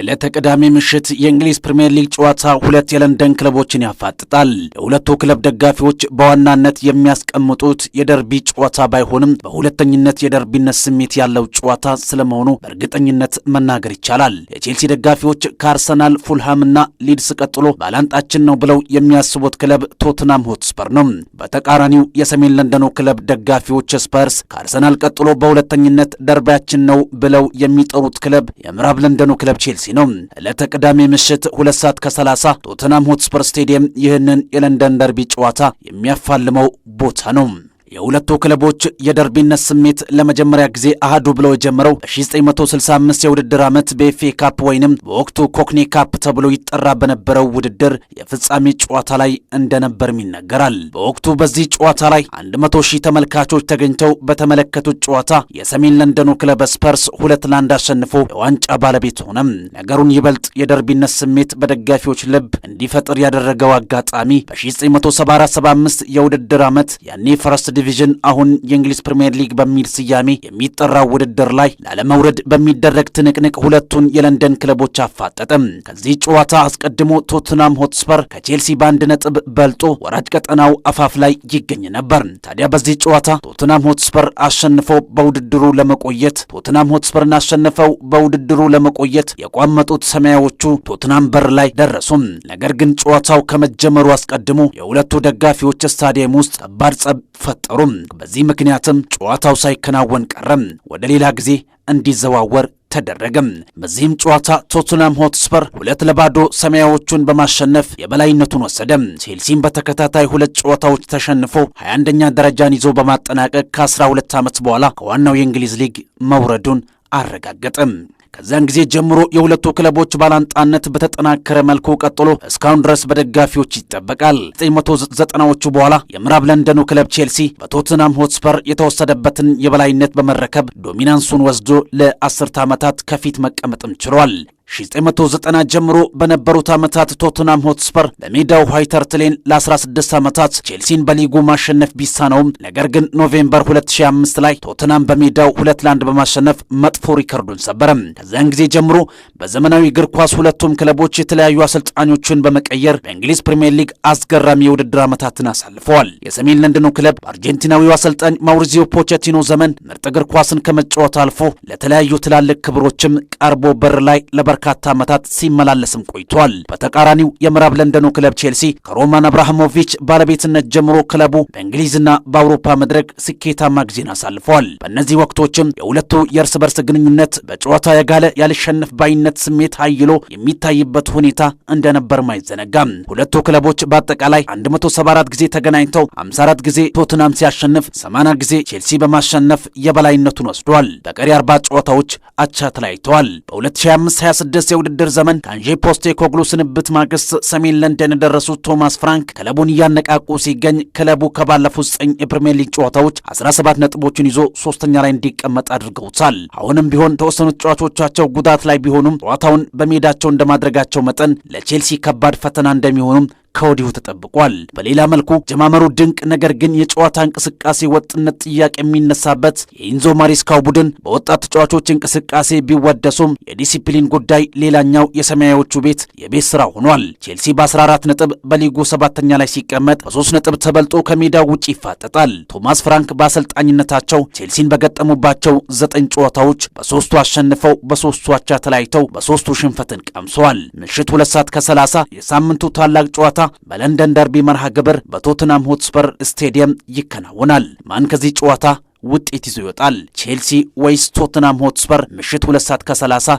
ዕለተ ቅዳሜ ምሽት የእንግሊዝ ፕሪምየር ሊግ ጨዋታ ሁለት የለንደን ክለቦችን ያፋጥጣል። የሁለቱ ክለብ ደጋፊዎች በዋናነት የሚያስቀምጡት የደርቢ ጨዋታ ባይሆንም በሁለተኝነት የደርቢነት ስሜት ያለው ጨዋታ ስለመሆኑ በእርግጠኝነት መናገር ይቻላል። የቼልሲ ደጋፊዎች ከአርሰናል፣ ፉልሃምና ሊድስ ቀጥሎ ባላንጣችን ነው ብለው የሚያስቡት ክለብ ቶትናም ሆትስፐር ነው። በተቃራኒው የሰሜን ለንደኑ ክለብ ደጋፊዎች ስፐርስ ከአርሰናል ቀጥሎ በሁለተኝነት ደርቢያችን ነው ብለው የሚጠሩት ክለብ የምዕራብ ለንደኑ ክለብ ቼልሲ ነው። ዕለተ ቅዳሜ ምሽት ሁለት ሰዓት ከ30 ቶተናም ሆትስፐር ስቴዲየም ይህንን የለንደን ደርቢ ጨዋታ የሚያፋልመው ቦታ ነው። የሁለቱ ክለቦች የደርቢነት ስሜት ለመጀመሪያ ጊዜ አህዱ ብለው የጀመረው በ1965 የውድድር ዓመት በኤፌ ካፕ ወይንም በወቅቱ ኮክኔ ካፕ ተብሎ ይጠራ በነበረው ውድድር የፍጻሜ ጨዋታ ላይ እንደነበርም ይነገራል። በወቅቱ በዚህ ጨዋታ ላይ 100 ሺህ ተመልካቾች ተገኝተው በተመለከቱት ጨዋታ የሰሜን ለንደኑ ክለብ ስፐርስ ሁለት ለአንድ አሸንፎ የዋንጫ ባለቤት ሆነም። ነገሩን ይበልጥ የደርቢነት ስሜት በደጋፊዎች ልብ እንዲፈጥር ያደረገው አጋጣሚ በ1974/75 የውድድር ዓመት ያኔ ፈረስት ዲቪዥን አሁን የእንግሊዝ ፕሪምየር ሊግ በሚል ስያሜ የሚጠራው ውድድር ላይ ላለመውረድ በሚደረግ ትንቅንቅ ሁለቱን የለንደን ክለቦች አፋጠጥም። ከዚህ ጨዋታ አስቀድሞ ቶትናም ሆትስፐር ከቼልሲ በአንድ ነጥብ በልጦ ወራጅ ቀጠናው አፋፍ ላይ ይገኝ ነበር። ታዲያ በዚህ ጨዋታ ቶትናም ሆትስፐር አሸንፎ በውድድሩ ለመቆየት ቶትናም ሆትስፐርን አሸንፈው በውድድሩ ለመቆየት የቋመጡት ሰማያዎቹ ቶትናም በር ላይ ደረሱም። ነገር ግን ጨዋታው ከመጀመሩ አስቀድሞ የሁለቱ ደጋፊዎች ስታዲየም ውስጥ ከባድ ጸብ ፈጠ አልፈጠሩም። በዚህ ምክንያትም ጨዋታው ሳይከናወን ቀረም፣ ወደ ሌላ ጊዜ እንዲዘዋወር ተደረገም። በዚህም ጨዋታ ቶትናም ሆትስፐር ሁለት ለባዶ ሰማያዎቹን በማሸነፍ የበላይነቱን ወሰደም። ቼልሲም በተከታታይ ሁለት ጨዋታዎች ተሸንፎ 21ኛ ደረጃን ይዞ በማጠናቀቅ ከ12 ዓመት በኋላ ከዋናው የእንግሊዝ ሊግ መውረዱን አረጋገጠም። ከዚያን ጊዜ ጀምሮ የሁለቱ ክለቦች ባላንጣነት በተጠናከረ መልኩ ቀጥሎ እስካሁን ድረስ በደጋፊዎች ይጠበቃል። 1990ዎቹ በኋላ የምዕራብ ለንደኑ ክለብ ቼልሲ በቶትናም ሆትስፐር የተወሰደበትን የበላይነት በመረከብ ዶሚናንሱን ወስዶ ለአስርተ ዓመታት ከፊት መቀመጥም ችሏል። 1990 ጀምሮ በነበሩት ዓመታት ቶትናም ሆትስፐር በሜዳው ሃይተርትሌን ለ16 ዓመታት ቼልሲን በሊጉ ማሸነፍ ቢሳነውም ነገር ግን ኖቬምበር 2005 ላይ ቶትናም በሜዳው ሁለት ለአንድ በማሸነፍ መጥፎ ሪከርዱን ሰበረም። ከዚያን ጊዜ ጀምሮ በዘመናዊ እግር ኳስ ሁለቱም ክለቦች የተለያዩ አሰልጣኞችን በመቀየር በእንግሊዝ ፕሪምየር ሊግ አስገራሚ የውድድር ዓመታትን አሳልፈዋል። የሰሜን ለንደኑ ክለብ በአርጀንቲናዊው አሰልጣኝ ማውሪዚዮ ፖቼቲኖ ዘመን ምርጥ እግር ኳስን ከመጫወት አልፎ ለተለያዩ ትላልቅ ክብሮችም ቀርቦ በር ላይ ለበር ለበርካታ ዓመታት ሲመላለስም ቆይቷል። በተቃራኒው የምዕራብ ለንደኑ ክለብ ቼልሲ ከሮማን አብርሃሞቪች ባለቤትነት ጀምሮ ክለቡ በእንግሊዝና በአውሮፓ መድረክ ስኬታማ ጊዜን አሳልፏል። በእነዚህ ወቅቶችም የሁለቱ የእርስ በርስ ግንኙነት በጨዋታ የጋለ ያልሸነፍ ባይነት ስሜት አይሎ የሚታይበት ሁኔታ እንደነበርም አይዘነጋም። ሁለቱ ክለቦች በአጠቃላይ 174 ጊዜ ተገናኝተው 54 ጊዜ ቶትናም ሲያሸንፍ 80 ጊዜ ቼልሲ በማሸነፍ የበላይነቱን ወስዷል። በቀሪ 40 ጨዋታዎች አቻ ተለያይተዋል። በ2025 ስድስት የውድድር ዘመን ከአንዤ ፖስቴ ኮግሉ ስንብት ማግስት ሰሜን ለንደን የደረሱት ቶማስ ፍራንክ ክለቡን እያነቃቁ ሲገኝ ክለቡ ከባለፉት 9 የፕሪምየር ሊግ ጨዋታዎች 17 ነጥቦችን ይዞ ሶስተኛ ላይ እንዲቀመጥ አድርገውታል። አሁንም ቢሆን ተወሰኑ ተጫዋቾቻቸው ጉዳት ላይ ቢሆኑም ጨዋታውን በሜዳቸው እንደማድረጋቸው መጠን ለቼልሲ ከባድ ፈተና እንደሚሆኑም ከወዲሁ ተጠብቋል። በሌላ መልኩ ጀማመሩ ድንቅ፣ ነገር ግን የጨዋታ እንቅስቃሴ ወጥነት ጥያቄ የሚነሳበት የኢንዞ ማሪስካው ቡድን በወጣት ተጫዋቾች እንቅስቃሴ ቢወደሱም የዲሲፕሊን ጉዳይ ሌላኛው የሰማያዎቹ ቤት የቤት ስራ ሆኗል። ቼልሲ በ14 ነጥብ በሊጉ ሰባተኛ ላይ ሲቀመጥ በሶስት ነጥብ ተበልጦ ከሜዳው ውጭ ይፋጠጣል። ቶማስ ፍራንክ በአሰልጣኝነታቸው ቼልሲን በገጠሙባቸው ዘጠኝ ጨዋታዎች በሶስቱ አሸንፈው በሶስቱ አቻ ተለያይተው በሶስቱ ሽንፈትን ቀምሰዋል። ምሽት ሁለት ሰዓት ከ30 የሳምንቱ ታላቅ ጨዋታ በለንደን ደርቢ መርሃ ግብር በቶትናም ሆትስፐር ስቴዲየም ይከናወናል። ማን ከዚህ ጨዋታ ውጤት ይዞ ይወጣል? ቼልሲ ወይስ ቶትናም ሆትስፐር? ምሽት ሁለት ሰዓት ከ30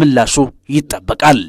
ምላሹ ይጠበቃል።